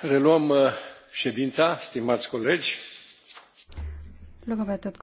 reluăm uh, ședința, stimați colegi. Lugupeetud